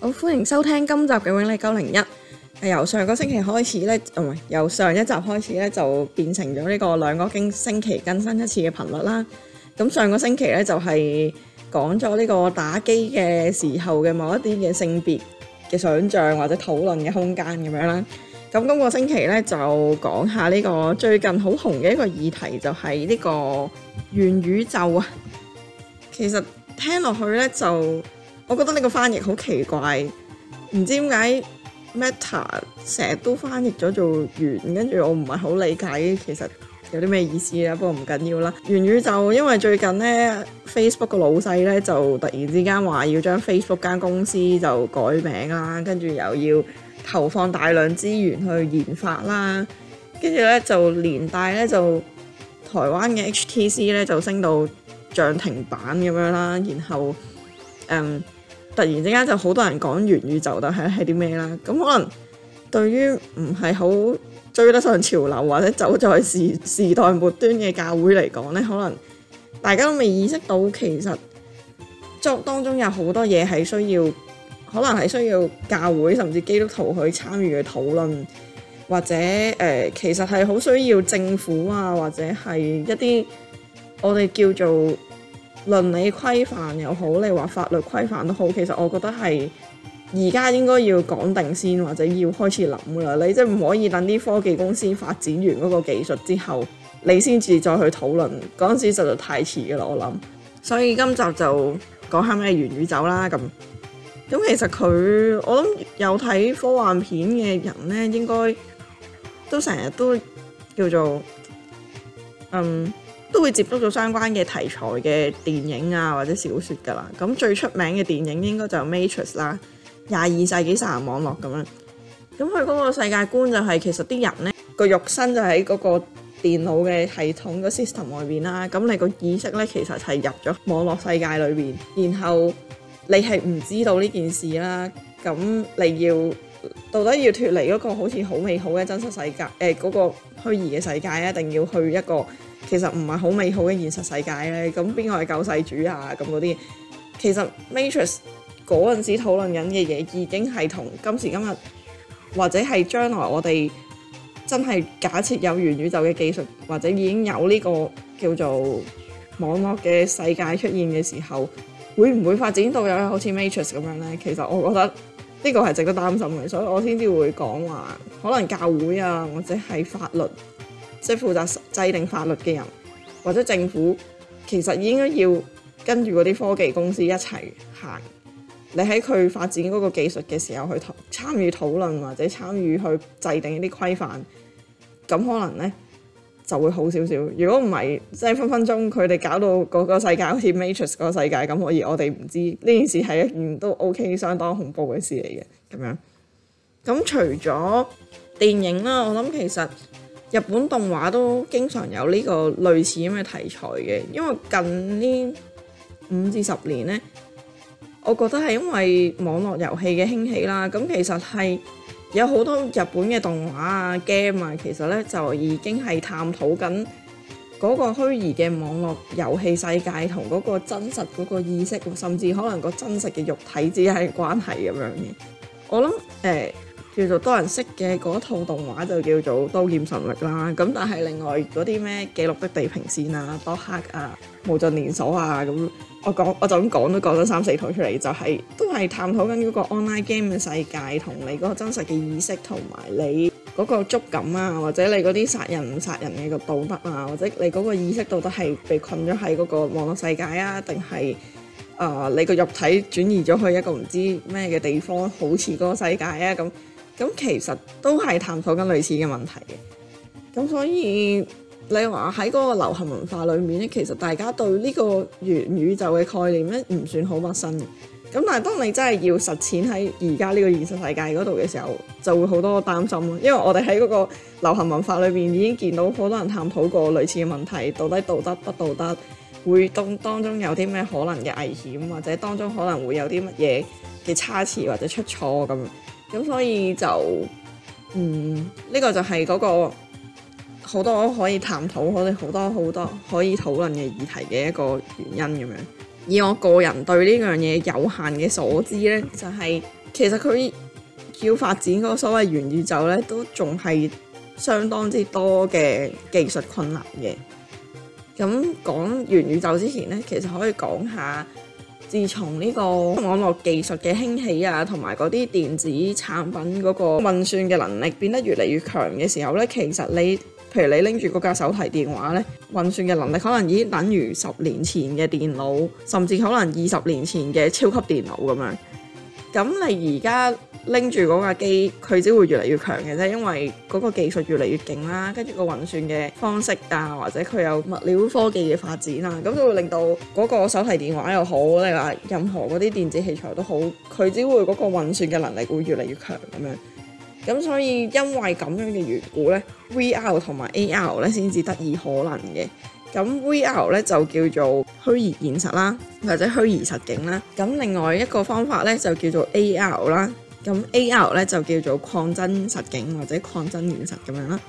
好，歡迎收聽今集嘅永利九零一。誒，由上個星期開始咧，唔係由上一集開始咧，就變成咗呢個兩個星星期更新一次嘅頻率啦。咁上個星期咧就係講咗呢個打機嘅時候嘅某一啲嘅性別嘅想象或者討論嘅空間咁樣啦。咁今個星期咧就講下呢個最近好紅嘅一個議題，就係、是、呢個元宇宙啊。其實聽落去咧就。我覺得呢個翻譯好奇怪，唔知點解 Meta 成日都翻譯咗做元，跟住我唔係好理解其實有啲咩意思啦。不過唔緊要啦，元宇宙就因為最近咧 Facebook 個老細咧就突然之間話要將 Facebook 間公司就改名啦，跟住又要投放大量資源去研發啦，跟住咧就連帶咧就台灣嘅 HTC 咧就升到漲停板咁樣啦，然後誒。嗯突然之間就好多人講元宇宙，但係係啲咩啦？咁可能對於唔係好追得上潮流或者走在時時代末端嘅教會嚟講咧，可能大家都未意識到，其實作當中有好多嘢係需要，可能係需要教會甚至基督徒去參與去討論，或者誒、呃，其實係好需要政府啊，或者係一啲我哋叫做。倫理規範又好，你話法律規範都好，其實我覺得係而家應該要講定先，或者要開始諗啦。你即係唔可以等啲科技公司發展完嗰個技術之後，你先至再去討論，嗰陣時實在太遲噶啦。我諗。所以今集就講下咩元宇宙啦，咁。咁其實佢，我諗有睇科幻片嘅人咧，應該都成日都叫做嗯。都會接觸到相關嘅題材嘅電影啊，或者小說㗎啦。咁最出名嘅電影應該就係《Matrix》啦，《廿二世紀殺人網絡》咁樣。咁佢嗰個世界觀就係、是、其實啲人呢個肉身就喺嗰個電腦嘅系統個 system 外面啦。咁你個意識呢，其實係入咗網絡世界裏面。然後你係唔知道呢件事啦。咁你要到底要脫離嗰個好似好美好嘅真實世界，誒、呃、嗰、那個虛擬嘅世界，一定要去一個。其實唔係好美好嘅現實世界咧，咁邊個係救世主啊？咁嗰啲，其實 Matrix 嗰陣時討論緊嘅嘢，已經係同今時今日或者係將來我哋真係假設有元宇宙嘅技術，或者已經有呢個叫做網絡嘅世界出現嘅時候，會唔會發展到有好似 Matrix 咁樣咧？其實我覺得呢個係值得擔心嘅，所以我先至會講話，可能教會啊，或者係法律。即係負責制定法律嘅人或者政府，其實應該要跟住嗰啲科技公司一齊行。你喺佢發展嗰個技術嘅時候去討參與討論或者參與去制定一啲規範，咁可能呢就會好少少。如果唔係，即係分分鐘佢哋搞到嗰個世界好似 Matrix 嗰個世界咁，而我哋唔知呢件事係一件都 OK 相當恐怖嘅事嚟嘅咁樣。咁除咗電影啦，我諗其實。日本動畫都經常有呢個類似咁嘅題材嘅，因為近呢五至十年咧，我覺得係因為網絡遊戲嘅興起啦。咁其實係有好多日本嘅動畫啊、game 啊，其實咧就已經係探討緊嗰個虛擬嘅網絡遊戲世界同嗰個真實嗰個意識，甚至可能個真實嘅肉體之間嘅關係咁樣嘅。我諗誒。欸叫做多人識嘅嗰套動畫就叫做《刀劍神域》啦，咁但係另外嗰啲咩《記錄的地平線》啊，《多黑》啊，《無盡連鎖》啊，咁我講我就咁講都講咗三四套出嚟，就係都係探討緊呢個 online game 嘅世界同你嗰個真實嘅意識同埋你嗰個觸感啊，或者你嗰啲殺人唔殺人嘅個道德啊，或者你嗰個意識到底係被困咗喺嗰個網絡世界啊，定係啊你個肉體轉移咗去一個唔知咩嘅地方，好似嗰個世界啊咁。咁其實都係探討緊類似嘅問題嘅，咁所以你話喺嗰個流行文化裏面咧，其實大家對呢個元宇宙嘅概念咧唔算好陌生嘅。咁但係當你真係要實踐喺而家呢個現實世界嗰度嘅時候，就會好多擔心咯。因為我哋喺嗰個流行文化裏面已經見到好多人探討過類似嘅問題，到底道德不道德，會當當中有啲咩可能嘅危險，或者當中可能會有啲乜嘢嘅差池或者出錯咁。咁所以就嗯呢個就係嗰個好多可以探討，我哋好多好多可以討論嘅議題嘅一個原因咁樣。以我個人對呢樣嘢有限嘅所知呢，就係其實佢要發展嗰個所謂元宇宙呢，都仲係相當之多嘅技術困難嘅。咁講元宇宙之前呢，其實可以講下。自從呢個網絡技術嘅興起啊，同埋嗰啲電子產品嗰個運算嘅能力變得越嚟越強嘅時候呢，其實你，譬如你拎住嗰架手提電話呢，運算嘅能力可能已經等於十年前嘅電腦，甚至可能二十年前嘅超級電腦咁樣。咁你而家，拎住嗰架機，佢只會越嚟越強嘅啫，因為嗰個技術越嚟越勁啦，跟住個運算嘅方式啊，或者佢有物料科技嘅發展啊，咁就會令到嗰個手提電話又好，你話任何嗰啲電子器材都好，佢只會嗰個運算嘅能力會越嚟越強咁樣。咁所以因為咁樣嘅緣故咧，VR 同埋 AR 咧先至得以可能嘅。咁 VR 咧就叫做虛擬現實啦，或者虛擬實境啦。咁另外一個方法咧就叫做 AR 啦。咁 A.R. 咧就叫做擴增實境或者擴增現實咁樣啦。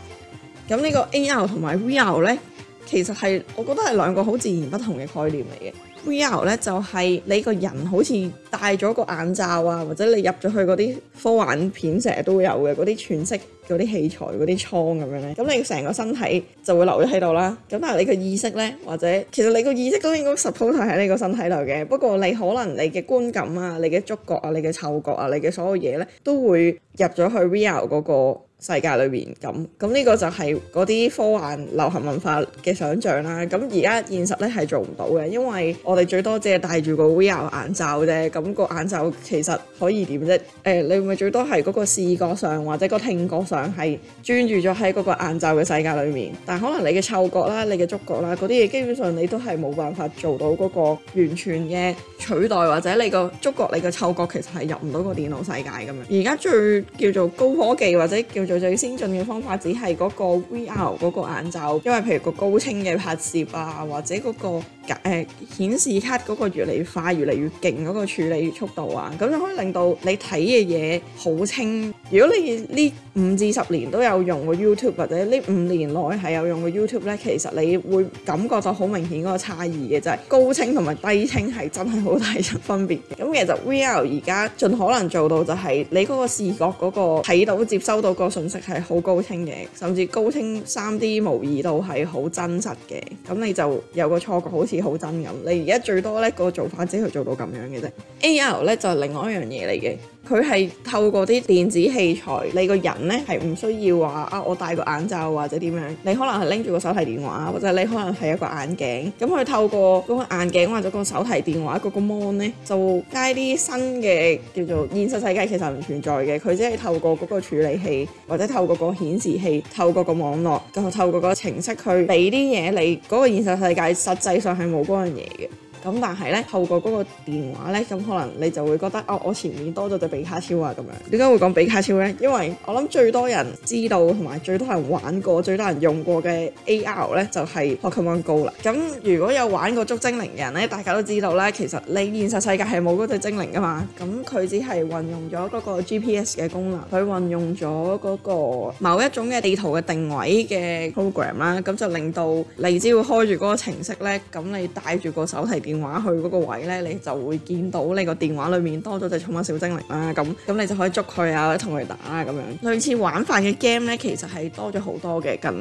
咁呢個 A.R. 同埋 V.R. 咧，其實係我覺得係兩個好自然不同嘅概念嚟嘅。real 咧就係、是、你個人好似戴咗個眼罩啊，或者你入咗去嗰啲科幻片成日都會有嘅嗰啲全息嗰啲器材嗰啲艙咁樣咧，咁你成個身體就會留咗喺度啦。咁但係你個意識咧，或者其實你個意識都應該 support 喺你個身體度嘅。不過你可能你嘅觀感啊、你嘅觸覺啊、你嘅嗅覺啊、你嘅所有嘢咧，都會入咗去 real 嗰、那個世界裏面，咁，咁呢個就係嗰啲科幻流行文化嘅想像啦。咁而家現實呢係做唔到嘅，因為我哋最多淨係戴住個 VR 眼罩啫。咁個眼罩其實可以點啫？誒、呃，你咪最多係嗰個視覺上或者個聽覺上係專注咗喺嗰個眼罩嘅世界裏面。但可能你嘅嗅覺啦、你嘅觸覺啦嗰啲嘢，基本上你都係冇辦法做到嗰個完全嘅取代，或者你個觸覺、你嘅嗅覺其實係入唔到個電腦世界咁樣。而家最叫做高科技或者叫最最先進嘅方法只係嗰個 VR 嗰個眼罩，因為譬如個高清嘅拍攝啊，或者嗰個。誒、呃、顯示卡嗰個越嚟越快，越嚟越勁嗰個處理速度啊，咁就可以令到你睇嘅嘢好清。如果你呢五至十年都有用過 YouTube，或者呢五年內係有用過 YouTube 咧，其實你會感覺就好明顯嗰個差異嘅，就係、是、高清同埋低清係真係好大分別嘅。咁其實 VR 而家盡可能做到，就係你嗰個視覺嗰個睇到接收到個信息係好高清嘅，甚至高清三 D 模擬到係好真實嘅，咁你就有個錯覺好似～好憎咁，你而家最多咧個做法只係做到咁樣嘅啫。A.R. 咧就係、是、另外一樣嘢嚟嘅。佢係透過啲電子器材，你個人呢係唔需要話啊，我戴個眼罩或者點樣，你可能係拎住個手提電話，或者你可能係一個眼鏡，咁佢透過嗰個眼鏡或者個手提電話嗰個 mon 呢，就加啲新嘅叫做現實世界其實唔存在嘅，佢只係透過嗰個處理器或者透過個顯示器、透過個網絡、透透過個程式去俾啲嘢你，嗰個現實世界實際上係冇嗰樣嘢嘅。咁但係咧，透過嗰個電話咧，咁可能你就會覺得，哦，我前面多咗對比卡超啊，咁樣點解會講比卡超咧？因為我諗最多人知道同埋最多人玩過、最多人用過嘅 AR 咧，就係 Pokemon Go 啦。咁如果有玩過捉精靈嘅人咧，大家都知道咧，其實你現實世界係冇嗰對精靈噶嘛。咁佢只係運用咗嗰個 GPS 嘅功能，佢運用咗嗰個某一種嘅地圖嘅定位嘅 program 啦，咁就令到你只要開住嗰個程式咧，咁你帶住個手提。電話去嗰個位呢，你就會見到你個電話裏面多咗隻寵物小精靈啦。咁咁你就可以捉佢啊，同佢打啊咁樣。類似玩法嘅 game 呢，其實係多咗好多嘅，近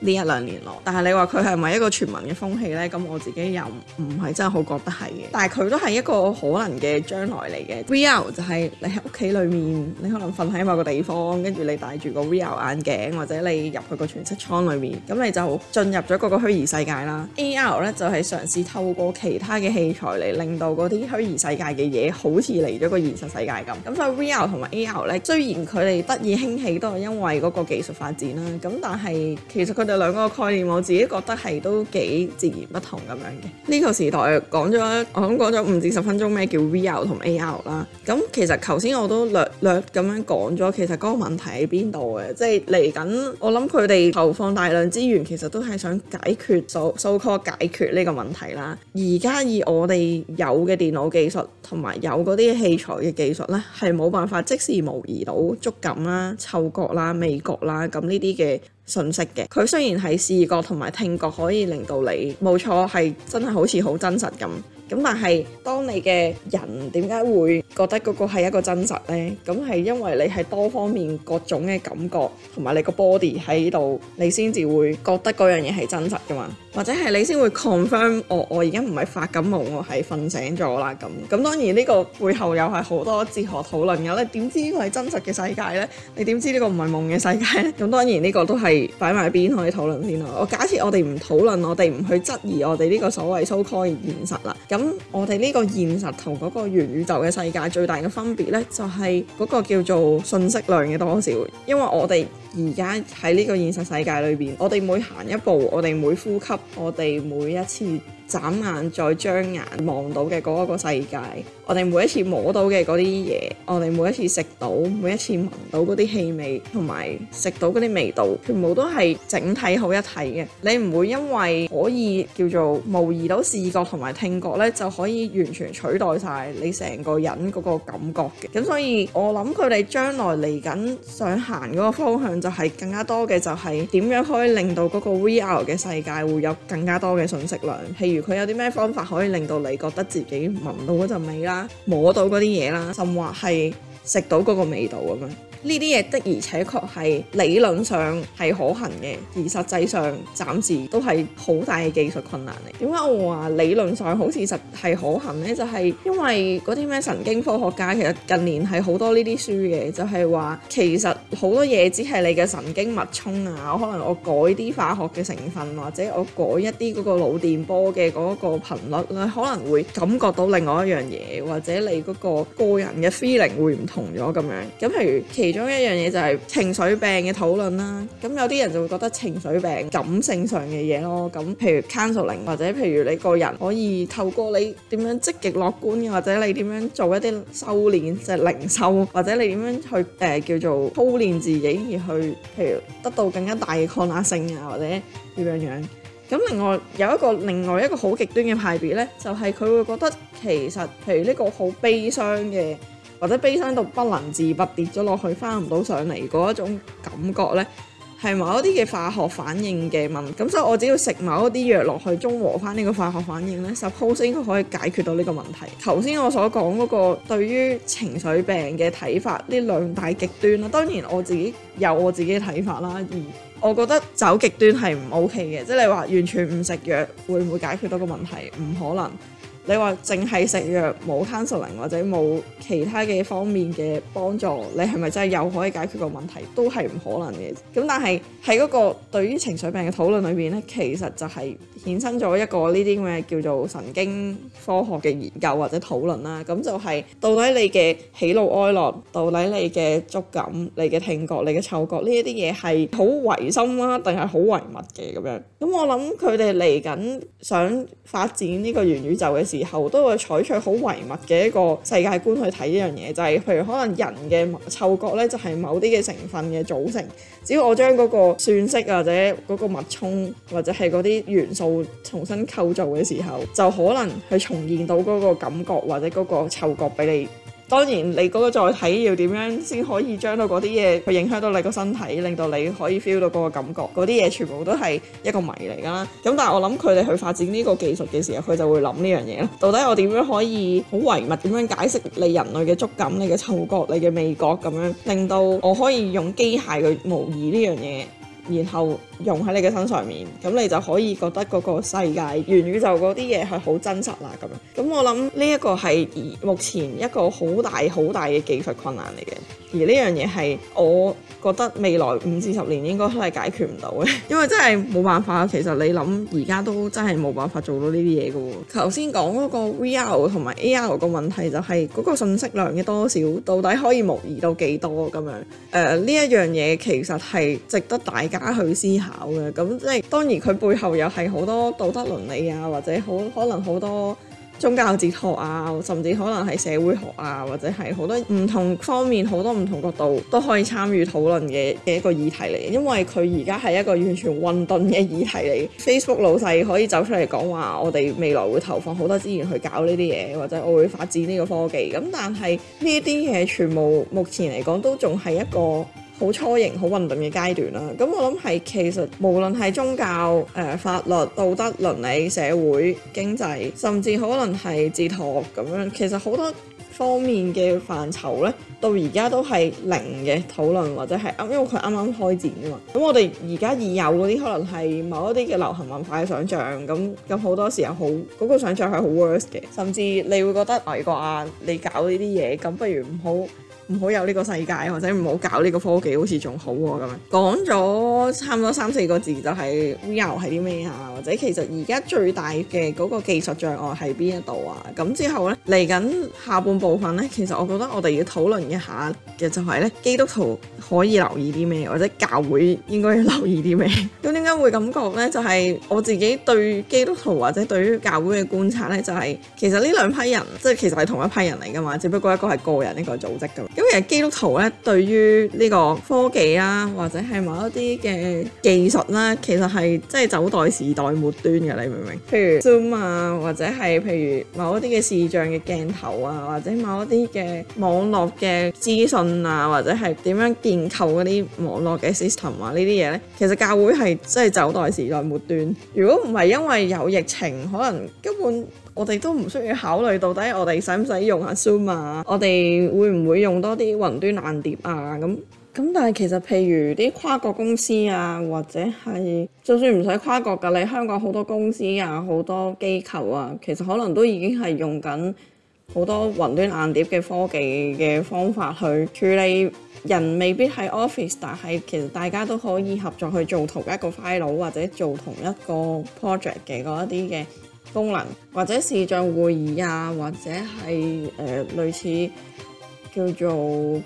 呢一兩年來。但係你話佢係咪一個全民嘅風氣呢？咁我自己又唔係真係好覺得係嘅。但係佢都係一個可能嘅將來嚟嘅。VR 就係你喺屋企裏面，你可能瞓喺某個地方，跟住你戴住個 VR 眼鏡或者你入去個全息倉裏面，咁你就進入咗嗰個虛擬世界啦。AR 呢，就係嘗試透過其他嘅器材嚟，令到嗰啲虛擬世界嘅嘢好似嚟咗個現實世界咁。咁所以 VR 同埋 AR 咧，雖然佢哋得意興起都係因為嗰個技術發展啦，咁但係其實佢哋兩個概念，我自己覺得係都幾截然不同咁樣嘅。呢、呢個時代講咗，我諗講咗五至十分鐘咩叫 VR 同 AR 啦。咁其實頭先我都略略咁樣講咗，其實嗰個問題喺邊度嘅，即係嚟緊我諗佢哋投放大量資源，其實都係想解決 so so-called 解決呢個問題啦。而家而我哋有嘅電腦技術同埋有嗰啲器材嘅技術呢，係冇辦法即時模擬到觸感啦、嗅覺啦、味覺啦咁呢啲嘅信息嘅。佢雖然係視覺同埋聽覺可以令到你，冇錯，係真係好似好真實咁。咁但係，當你嘅人點解會覺得嗰個係一個真實咧？咁係因為你係多方面各種嘅感覺同埋你個 body 喺度，你先至會覺得嗰樣嘢係真實噶嘛？或者係你先會 confirm 我我而家唔係發緊夢，我係瞓醒咗啦咁。咁當然呢個背後又係好多哲學討論嘅咧。你點知呢個係真實嘅世界咧？你點知呢個唔係夢嘅世界咧？咁當然呢個都係擺埋邊可以討論先咯。我假設我哋唔討論，我哋唔去質疑我哋呢個所謂 so called 現實啦。咁我哋呢個現實同嗰個元宇宙嘅世界最大嘅分別呢，就係、是、嗰個叫做信息量嘅多少。因為我哋而家喺呢個現實世界裏邊，我哋每行一步，我哋每呼吸，我哋每一次，眨眼再將眼望到嘅嗰一個世界，我哋每一次摸到嘅嗰啲嘢，我哋每一次食到、每一次聞到嗰啲氣味同埋食到嗰啲味道，全部都係整體好一體嘅。你唔會因為可以，可以叫做模擬到視覺同埋聽覺咧，就可以完全取代晒你成個人嗰個感覺嘅。咁所以我諗佢哋將來嚟緊想行嗰個方向，就係更加多嘅就係、是、點樣可以令到嗰個 VR 嘅世界會有更加多嘅信息量。譬如佢有啲咩方法可以令到你覺得自己聞到嗰陣味啦，摸到嗰啲嘢啦，甚至話係食到嗰個味道咁樣。呢啲嘢的而且確係理論上係可行嘅，而實際上暫時都係好大嘅技術困難嚟。點解我話理論上好似實係可行呢？就係因為嗰啲咩神經科學家其實近年係好多呢啲書嘅，就係話其實好多嘢只係你嘅神經脈衝啊，可能我改啲化學嘅成分，或者我改一啲嗰個腦電波嘅嗰個頻率咧，可能會感覺到另外一樣嘢，或者你嗰個個人嘅 feeling 會唔同咗咁樣。咁譬如其中一樣嘢就係情緒病嘅討論啦，咁有啲人就會覺得情緒病、感性上嘅嘢咯。咁譬如 counselling，或者譬如你個人可以透過你點樣積極樂觀嘅，或者你點樣做一啲修練，即係靈修，或者你點樣去誒、呃、叫做操練自己而去，譬如得到更加大嘅抗壓性啊，或者點樣樣。咁另外有一個另外一個好極端嘅派別呢，就係、係、佢會覺得其實譬如呢個好悲傷嘅，或者悲傷到不能自拔，跌咗落去翻唔到上嚟嗰一種感覺呢，係某一啲嘅化學反應嘅問題，咁所以我只要食某一啲藥落去中和翻呢個化學反應呢，suppose 應該可以解決到呢個問題。頭先我所講嗰個對於情緒病嘅睇法，呢兩大極端啦，當然我自己有我自己嘅睇法啦，而我覺得走極端係唔 OK 嘅，即係你話完全唔食藥會唔會解決到個問題？唔可能。你話淨係食藥冇 counselling 或者冇其他嘅方面嘅幫助，你係咪真係又可以解決個問題？都係唔可能嘅。咁但係喺嗰個對於情緒病嘅討論裏面，呢其實就係、是。衍生咗一個呢啲咩叫做神經科學嘅研究或者討論啦，咁就係到底你嘅喜怒哀樂，到底你嘅觸感、你嘅聽覺、你嘅嗅覺呢一啲嘢係好唯心啦、啊，定係好唯物嘅咁樣？咁我諗佢哋嚟緊想發展呢個元宇宙嘅時候，都會採取好唯物嘅一個世界觀去睇呢樣嘢，就係、是、譬如可能人嘅嗅覺呢，就係某啲嘅成分嘅組成，只要我將嗰個算式或者嗰個脈衝或者係嗰啲元素，重新構造嘅時候，就可能去重現到嗰個感覺或者嗰個嗅覺俾你。當然，你嗰個載體要點樣先可以將到嗰啲嘢，去影響到你個身體，令到你可以 feel 到嗰個感覺。嗰啲嘢全部都係一個謎嚟噶啦。咁但係我諗佢哋去發展呢個技術嘅時候，佢就會諗呢樣嘢咯。到底我點樣可以好唯物，點樣解釋你人類嘅觸感、你嘅嗅覺、你嘅味覺咁樣，令到我可以用機械去模擬呢樣嘢，然後，用喺你嘅身上面，咁你就可以覺得個世界，元宇宙嗰啲嘢係好真實啦咁樣，咁我諗呢一個係目前一個好大，好大嘅技術困難嚟嘅。而呢樣嘢係我覺得未來五至十年應該都係解決唔到嘅，因為真係冇辦法。其實你諗而家都真係冇辦法做到呢啲嘢嘅。頭先講嗰個 VR 同埋 AR 個問題就係嗰個信息量嘅多少，到底可以模擬到幾多咁樣？誒，呢一樣嘢其實係值得大家去思考。嘅，咁即係當然佢背後又係好多道德倫理啊，或者好可能好多宗教哲學啊，甚至可能係社會學啊，或者係好多唔同方面好多唔同角度都可以參與討論嘅嘅一個議題嚟。因為佢而家係一個完全混沌嘅議題嚟，Facebook 老細可以走出嚟講話，我哋未來會投放好多資源去搞呢啲嘢，或者我會發展呢個科技。咁但係呢啲嘢全部目前嚟講都仲係一個好初型、好混沌嘅階段啦，咁我諗係其實無論係宗教、誒、呃、法律、道德、倫理、社會、經濟，甚至可能係哲學咁樣，其實好多方面嘅範疇咧，到而家都係零嘅討論或者係啱，因為佢啱啱開展㗎嘛。咁我哋而家已有嗰啲可能係某一啲嘅流行文化嘅想像，咁咁好多時候好嗰、嗰個想像係好 worse 嘅，甚至你會覺得啊，偉國啊你搞呢啲嘢，咁不如唔好。唔好有呢個世界，或者唔好搞呢個科技，好似仲好喎咁樣。講咗差唔多三四個字就係，VR 係啲咩啊？或者其實而家最大嘅嗰個技術障礙係邊一度啊？咁之後呢，嚟緊下，下半部分呢，其實我覺得我哋要討論一下嘅就係、是、呢基督徒可以留意啲咩，或者教會應該要留意啲咩？咁點解會咁講呢？就係、是、我自己對基督徒或者對於教會嘅觀察呢，就係、是、其實呢兩批人即係其實係同一批人嚟㗎嘛，只不過一個係個人，一個係組織㗎。咁其實基督徒咧，對於呢個科技啊，或者係某一啲嘅技術啦、啊，其實係即係走代時代末端嘅，你明唔明？譬如 Zoom 啊，或者係譬如某一啲嘅視像嘅鏡頭啊，或者某一啲嘅網絡嘅資訊啊，或者係點樣建構嗰啲網絡嘅 system 啊，呢啲嘢咧，其實教會係即係走代時代末端。如果唔係因為有疫情，可能根本我哋都唔需要考慮到底我哋使唔使用下 Zoom 啊，我哋會唔會用多啲雲端硬碟啊？咁咁，但係其實譬如啲跨國公司啊，或者係就算唔使跨國噶，你香港好多公司啊，好多機構啊，其實可能都已經係用緊好多雲端硬碟嘅科技嘅方法去處理，人未必喺 Office，但係其實大家都可以合作去做同一個 file 或者做同一個 project 嘅嗰一啲嘅功能或者視像會議啊，或者係誒、呃、類似叫做。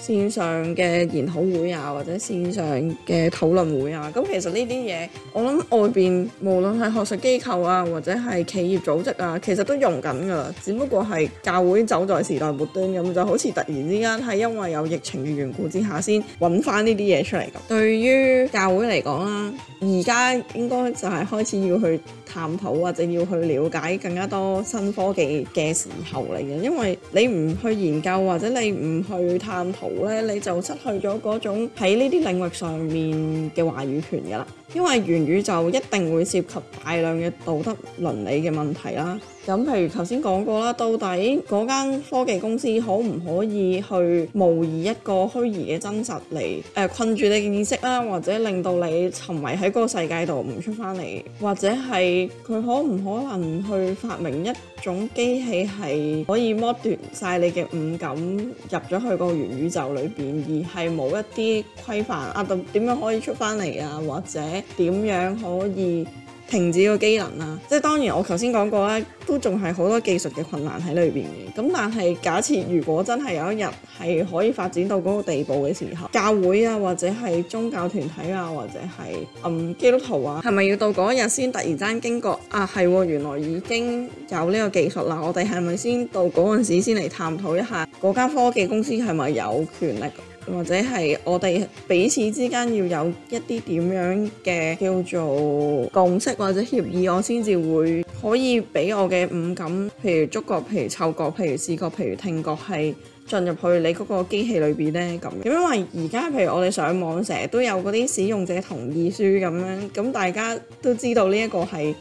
線上嘅研討會啊，或者線上嘅討論會啊，咁其實呢啲嘢，我諗外邊無論係學術機構啊，或者係企業組織啊，其實都用緊㗎啦。只不過係教會走在時代末端咁，就好似突然之間係因為有疫情嘅緣故之下，先揾翻呢啲嘢出嚟咁。對於教會嚟講啦，而家應該就係開始要去探討或者要去了解更加多新科技嘅時候嚟嘅，因為你唔去研究或者你唔去探討，咧你就失去咗嗰種喺呢啲領域上面嘅話語權㗎啦。因為元宇宙一定會涉及大量嘅道德倫理嘅問題啦，咁譬如頭先講過啦，到底嗰間科技公司可唔可以去模擬一個虛擬嘅真實嚟誒、呃、困住你嘅意識啦，或者令到你沉迷喺嗰個世界度唔出翻嚟，或者係佢可唔可能去發明一種機器係可以剝奪晒你嘅五感入咗去個元宇宙裏邊，而係冇一啲規範，啊到點樣可以出翻嚟啊，或者？點樣可以停止個機能啊？即係當然，我頭先講過咧，都仲係好多技術嘅困難喺裏邊嘅。咁但係假設如果真係有一日係可以發展到嗰個地步嘅時候，教會啊，或者係宗教團體啊，或者係嗯，基督徒啊，係咪要到嗰一日先突然間驚覺啊？係原來已經有呢個技術啦？我哋係咪先到嗰陣時先嚟探討一下嗰間科技公司係咪有權力？或者係我哋彼此之間要有一啲點樣嘅叫做共識或者協議，我先至會可以俾我嘅五感，譬如觸覺、譬如嗅覺、譬如視覺、譬如聽覺，係進入去你嗰個機器裏邊咧咁。因為而家譬如我哋上網成日都有嗰啲使用者同意書咁樣，咁大家都知道呢一個係。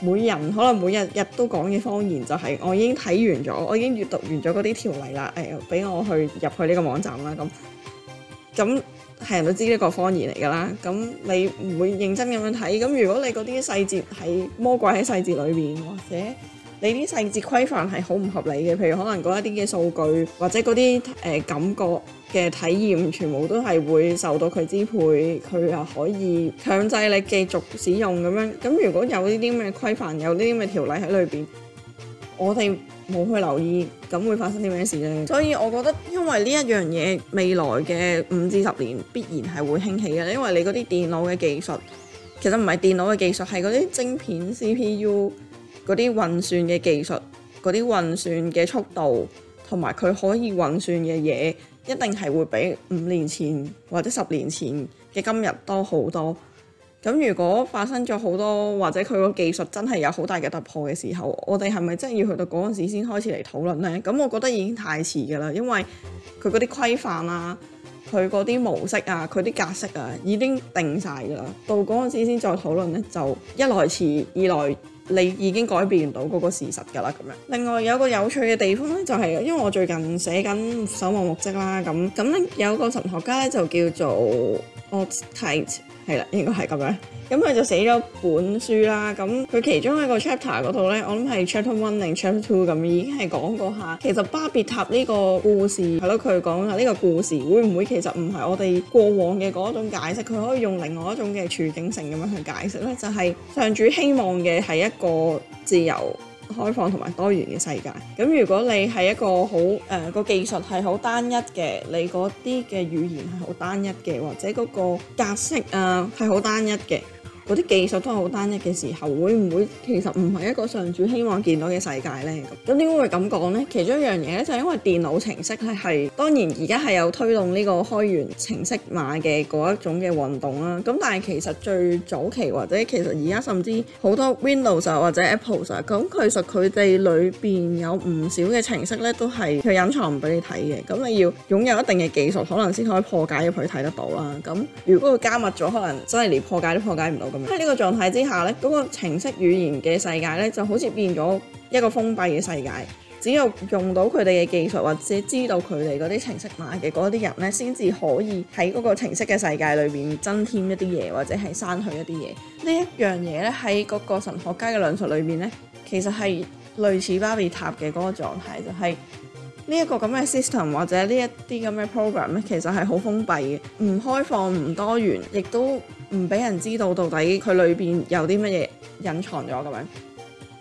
每人可能每日日都講嘅方言就係我已經睇完咗，我已經閲讀完咗嗰啲條例啦。誒、哎，俾我去入去呢個網站啦，咁咁係人都知呢個方言嚟㗎啦。咁你唔會認真咁樣睇，咁如果你嗰啲細節喺魔鬼喺細節裏面，或者……你啲細節規範係好唔合理嘅，譬如可能嗰一啲嘅數據或者嗰啲誒感覺嘅體驗，全部都係會受到佢支配，佢又可以強制你繼續使用咁樣。咁如果有呢啲咩規範，有呢啲咩條例喺裏邊，我哋冇去留意，咁會發生啲咩事咧？所以我覺得，因為呢一樣嘢未來嘅五至十年必然係會興起嘅，因為你嗰啲電腦嘅技術，其實唔係電腦嘅技術，係嗰啲晶片 CPU。嗰啲運算嘅技術，嗰啲運算嘅速度，同埋佢可以運算嘅嘢，一定係會比五年前或者十年前嘅今日多好多。咁如果發生咗好多，或者佢個技術真係有好大嘅突破嘅時候，我哋係咪真係要去到嗰陣時先開始嚟討論呢？咁我覺得已經太遲㗎啦，因為佢嗰啲規範啊，佢嗰啲模式啊，佢啲格式啊，已經定晒㗎啦。到嗰陣時先再討論呢，就一來遲，二來。你已經改變唔到嗰個事實㗎啦，咁樣。另外有個有趣嘅地方咧，就係、是、因為我最近寫緊《守望目擊》啦，咁有個神學家咧就叫做 Otto Tiet，係啦，應該係咁樣。咁佢、嗯、就寫咗本書啦，咁、嗯、佢其中一個 chapter 嗰度咧，我諗係 chapter one 定 chapter two 咁，已經係講過下其實巴別塔呢個故事係咯，佢、嗯、講下呢個故事會唔會其實唔係我哋過往嘅嗰一種解釋，佢可以用另外一種嘅處境性咁樣去解釋咧，就係、是、上主希望嘅係一個自由、開放同埋多元嘅世界。咁、嗯、如果你係一個好誒個技術係好單一嘅，你嗰啲嘅語言係好單一嘅，或者嗰個格式啊係好單一嘅。嗰啲技術都係好單一嘅時候，會唔會其實唔係一個上主希望見到嘅世界呢？咁點解會咁講呢？其中一樣嘢咧就係因為電腦程式咧係當然而家係有推動呢個開源程式碼嘅嗰一種嘅運動啦。咁但係其實最早期或者其實而家甚至好多 Windows 啊或者 Apple 啊咁，其實佢哋裏邊有唔少嘅程式咧都係佢隱藏唔俾你睇嘅。咁你要擁有一定嘅技術，可能先可以破解入去睇得到啦。咁如果佢加密咗，可能真係連破解都破解唔到。喺呢個狀態之下呢，嗰、嗰個程式語言嘅世界呢，就好似變咗一個封閉嘅世界，只有用到佢哋嘅技術或者知道佢哋嗰啲程式碼嘅嗰啲人呢，先至可以喺嗰個程式嘅世界裏面增添一啲嘢，或者係刪去一啲嘢。呢一樣嘢呢，喺嗰個神學家嘅論述裏面呢，其實係類似巴比塔嘅嗰個狀態，就係、係。呢一個咁嘅 system 或者呢一啲咁嘅 program 其實係好封閉嘅，唔開放、唔多元，亦都唔俾人知道到底佢裏面有啲乜嘢隱藏咗咁樣。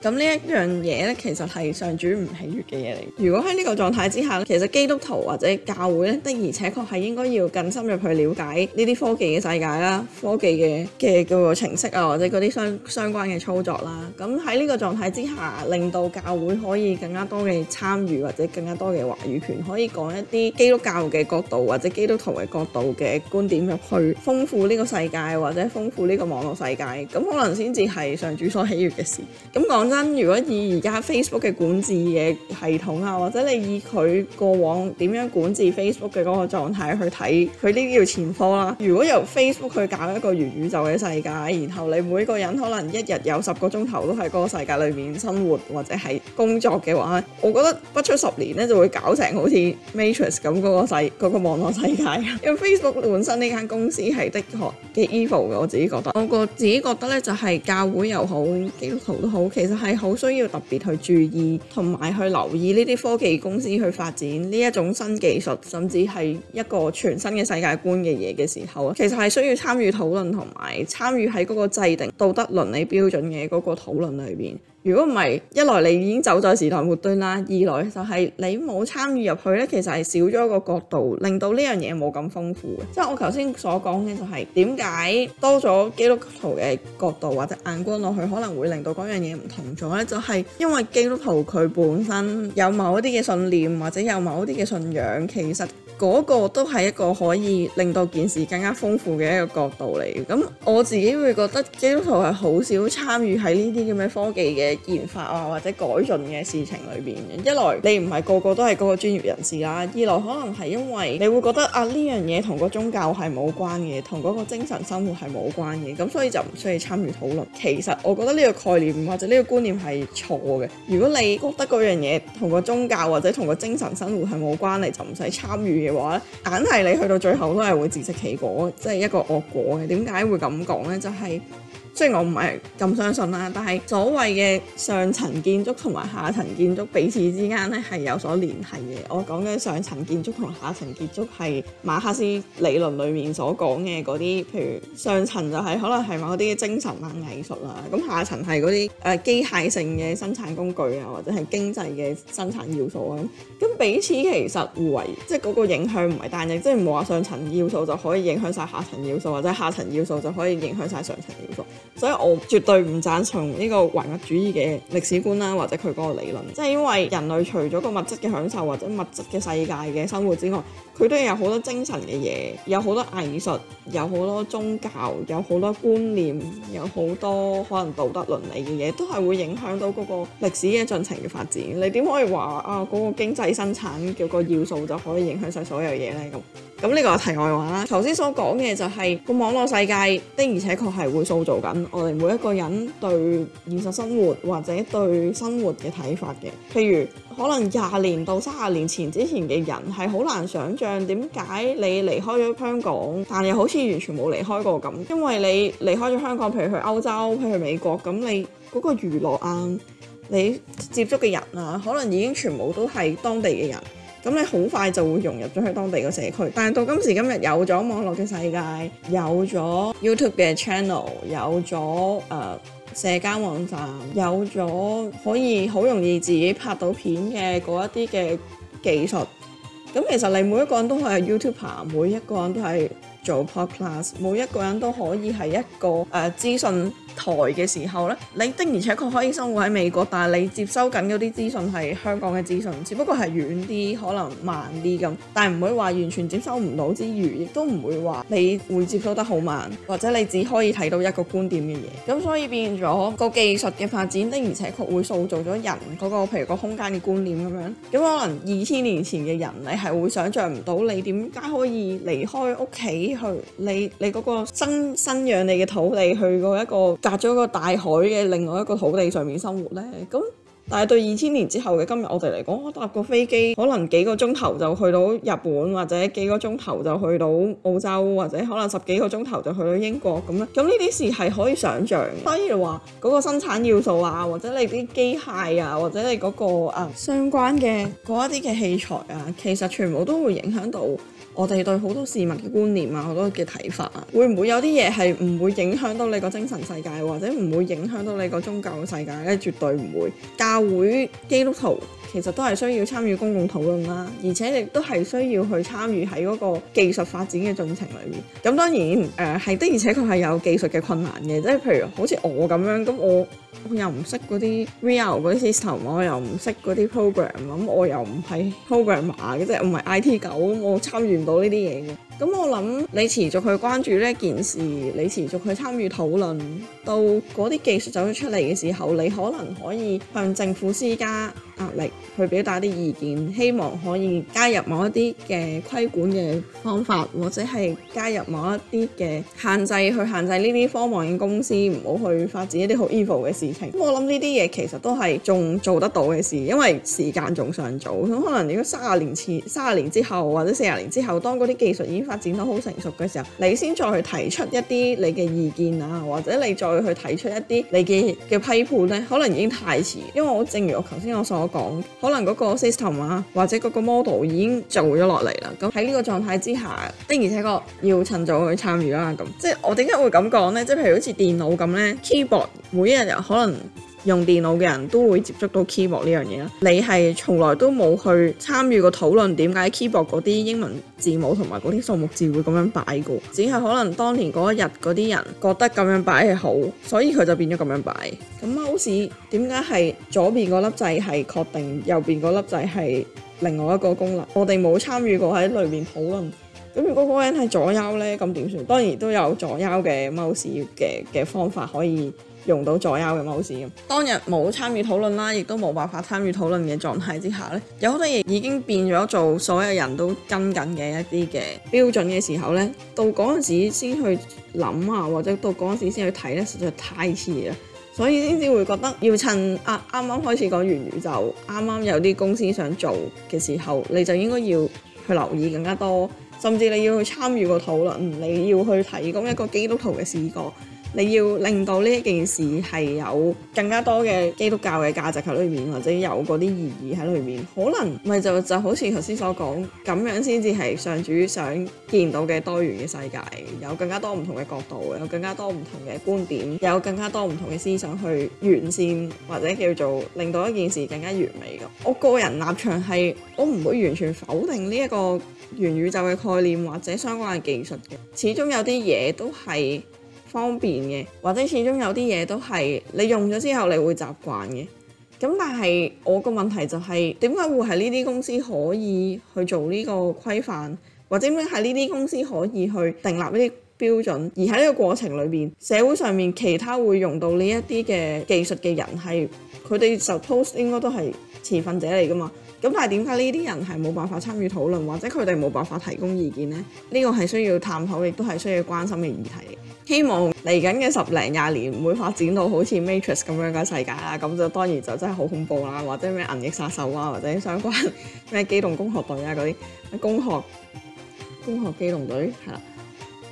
咁呢一樣嘢咧，其實係上主唔喜悅嘅嘢嚟。如果喺呢個狀態之下，其實基督徒或者教會咧，的而且確係應該要更深入去了解呢啲科技嘅世界啦，科技嘅嘅嗰個程式啊，或者嗰啲相相關嘅操作啦。咁喺呢個狀態之下，令到教會可以更加多嘅參與或者更加多嘅話語權，可以講一啲基督教嘅角度或者基督徒嘅角度嘅觀點入去，豐富呢個世界或者豐富呢個網絡世界。咁可能先至係上主所喜悅嘅事。咁講真。如果以而家 Facebook 嘅管治嘅系統啊，或者你以佢過往點樣管治 Facebook 嘅個狀態去睇佢呢啲叫前科啦。如果由 Facebook 去搞一個元宇宙嘅世界，然後你每個人可能一日有十個鐘頭都喺嗰個世界裏面生活或者係工作嘅話，我覺得不出十年咧就會搞成好似 Matrix 咁個世、嗰個網絡世界。啊， 因為 Facebook 本身呢間公司係的確幾 evil 嘅，我自己覺得。我個自己覺得咧就係、是、教會又好，基督徒都好，其實。係好需要特別去注意同埋去留意呢啲科技公司去發展呢一種新技術，甚至係一個全新嘅世界觀嘅嘢嘅時候，其實係需要參與討論同埋參與喺嗰個制定道德倫理標準嘅嗰個討論裏邊。如果唔係，一來你已經走在時代末端啦，二來就係你冇參與入去咧，其實係少咗一個角度，令到呢樣嘢冇咁豐富。即係我頭先所講嘅就係點解多咗基督徒嘅角度或者眼光落去，可能會令到嗰樣嘢唔同咗咧，就係因為基督徒佢本身有某啲嘅信念或者有某啲嘅信仰，其實。嗰個都係一個可以令到件事更加豐富嘅一個角度嚟嘅，咁我自己會覺得基督徒係好少參與喺呢啲咁嘅科技嘅研發啊或者改進嘅事情裏邊嘅。一來你唔係個個都係嗰個專業人士啦，二來可能係因為你會覺得啊呢樣嘢同個宗教係冇關嘅，同嗰個精神生活係冇關嘅，咁所以就唔需要參與討論。其實我覺得呢個概念或者呢個觀念係錯嘅。如果你覺得嗰樣嘢同個宗教或者同個精神生活係冇關嘅，就唔使參與。話咧，硬係你去到最後都係會自食其果，即係一個惡果嘅。點解會咁講咧？就係。即係我唔係咁相信啦，但係所謂嘅上層建築同埋下層建築彼此之間咧係有所聯繫嘅。我講緊上層建築同下層建築係馬克思理論裡面所講嘅嗰啲，譬如上層就係、是、可能係某啲精神啊藝術啊，咁下層係嗰啲誒機械性嘅生產工具啊，或者係經濟嘅生產要素啊。咁彼此其實互為，即係嗰個影響唔係單一，即係唔好話上層要素就可以影響晒下層要素，或者下層要素就可以影響晒上層要素。所以我絕對唔贊同呢個唯物主義嘅歷史觀啦，或者佢嗰個理論，即係因為人類除咗個物質嘅享受或者物質嘅世界嘅生活之外，佢都有好多精神嘅嘢，有好多藝術，有好多宗教，有好多觀念，有好多可能道德倫理嘅嘢，都係會影響到嗰個歷史嘅進程嘅發展。你點可以話啊嗰個經濟生產叫個要素就可以影響曬所有嘢咧咁？咁呢個題外話啦，頭先所講嘅就係個網絡世界，的而且確係會塑造緊我哋每一個人對現實生活或者對生活嘅睇法嘅。譬如可能廿年到三十年前之前嘅人係好難想像點解你離開咗香港，但又好似完全冇離開過咁。因為你離開咗香港，譬如去歐洲，譬如去美國，咁你嗰個娛樂啊，你接觸嘅人啊，可能已經全部都係當地嘅人。咁你好快就會融入咗喺當地嘅社區，但係到今時今日有咗網絡嘅世界，有咗 YouTube 嘅 channel，有咗誒、呃、社交網站，有咗可以好容易自己拍到片嘅嗰一啲嘅技術，咁其實你每一個人都係 YouTuber，每一個人都係。做 Podcast，每一個人都可以係一個誒、呃、資訊台嘅時候呢，你的而且確可以生活喺美國，但係你接收緊嗰啲資訊係香港嘅資訊，只不過係遠啲，可能慢啲咁，但係唔會話完全接收唔到之餘，亦都唔會話你會接收得好慢，或者你只可以睇到一個觀點嘅嘢，咁所以變咗、個技術嘅發展的而且確會塑造咗人嗰、個譬如個空間嘅觀念咁樣，咁可能二千年前嘅人你係會想像唔到你點解可以離開屋企。去你你嗰個生生養你嘅土地，去過一個隔咗個大海嘅另外一個土地上面生活咧，咁。但係對二千年之後嘅今日我哋嚟講，我搭個飛機可能幾個鐘頭就去到日本，或者幾個鐘頭就去到澳洲，或者可能十幾個鐘頭就去到英國咁啦。咁呢啲事係可以想象，所以話嗰個生產要素啊，或者你啲機械啊，或者你嗰個啊相關嘅嗰一啲嘅器材啊，其實全部都會影響到我哋對好多事物嘅觀念啊，好多嘅睇法啊。會唔會有啲嘢係唔會影響到你個精神世界，或者唔會影響到你個宗教世界咧？絕對唔會。教會基督徒其實都係需要參與公共討論啦，而且亦都係需要去參與喺嗰個技術發展嘅進程裏面。咁當然誒係、呃、的，而且確係有技術嘅困難嘅，即係譬如好似我咁樣，咁我。我又唔識嗰啲 VR 嗰啲 system，我又唔識嗰啲 program，咁我又唔係 programmer 嘅，即係唔係 IT 狗，我參與唔到呢啲嘢嘅。咁我諗你持續去關注呢件事，你持續去參與討論，到嗰啲技術走咗出嚟嘅時候，你可能可以向政府施加壓力去表達啲意見，希望可以加入某一啲嘅規管嘅方法，或者係加入某一啲嘅限制去限制呢啲科網嘅公司唔好去發展一啲好 evil 嘅事情。咁、嗯、我諗呢啲嘢其實都係仲做得到嘅事，因為時間仲尚早。咁、嗯、可能如果三十年前、三十年之後或者四十年之後，當嗰啲技術已經發展得好成熟嘅時候，你先再去提出一啲你嘅意見啊，或者你再去提出一啲你嘅嘅批判咧，可能已經太遲。因為我正如我頭先我所。講可能嗰個 system 啊，或者嗰個 model 已經做咗落嚟啦。咁喺呢個狀態之下，的而且確要趁早去參與啦、啊。咁即係我點解會咁講呢？即係譬如好似電腦咁呢 keyboard 每一日可能。用電腦嘅人都會接觸到 Keyboard 呢樣嘢啦，你係從來都冇去參與過討論，點解 Keyboard 嗰啲英文字母同埋嗰啲數目字會咁樣擺過，只係可能當年嗰一日嗰啲人覺得咁樣擺係好，所以佢就變咗咁樣擺。咁 mouse 點解係左邊嗰粒掣係確定，右邊嗰粒掣係另外一個功能？我哋冇參與過喺裏面討論。咁如果嗰個人係左優呢，咁點算？當然都有左優嘅 mouse 嘅嘅方法可以。用到左右嘅某事，當日冇參與討論啦，亦都冇辦法參與討論嘅狀態之下咧，有好多嘢已經變咗做所有人都跟緊嘅一啲嘅標準嘅時候呢，到嗰陣時先去諗啊，或者到嗰陣時先去睇呢，實在太遲啦。所以先至會覺得要趁啱啱、啊、開始講元宇宙，啱啱有啲公司想做嘅時候，你就應該要去留意更加多，甚至你要去參與個討論，你要去提供一個基督徒嘅視角。你要令到呢一件事係有更加多嘅基督教嘅價值喺裏面，或者有嗰啲意義喺裏面，可能咪就就好似頭先所講，咁樣先至係上主想見到嘅多元嘅世界，有更加多唔同嘅角度，有更加多唔同嘅觀點，有更加多唔同嘅思想去完善或者叫做令到一件事更加完美嘅。我個人立場係，我唔會完全否定呢一個元宇宙嘅概念或者相關嘅技術嘅，始終有啲嘢都係。方便嘅，或者始終有啲嘢都係你用咗之後，你會習慣嘅。咁但係我個問題就係點解會係呢啲公司可以去做呢個規範，或者點解係呢啲公司可以去訂立呢啲標準，而喺呢個過程裏邊，社會上面其他會用到呢一啲嘅技術嘅人係佢哋就 suppose 應該都係持份者嚟㗎嘛？咁但係點解呢啲人係冇辦法參與討論，或者佢哋冇辦法提供意見呢？呢、呢個係需要探討，亦都係需要關心嘅議題。希望嚟緊嘅十零廿年唔會發展到好似 Matrix 咁樣嘅世界啦，咁就當然就真係好恐怖啦，或者咩銀翼殺手啊，或者啲相關咩機動攻殼隊啊，嗰啲攻殼，攻殼機動隊係啦，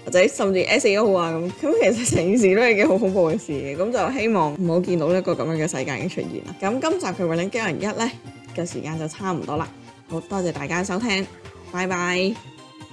或者甚至 SAO 啊咁，咁其實成件事都係幾好恐怖嘅事嘅，咁就希望唔好見到一個咁樣嘅世界已經出現啦。咁今集嘅永利901咧嘅時間就差唔多啦，好多謝大家收聽，拜拜。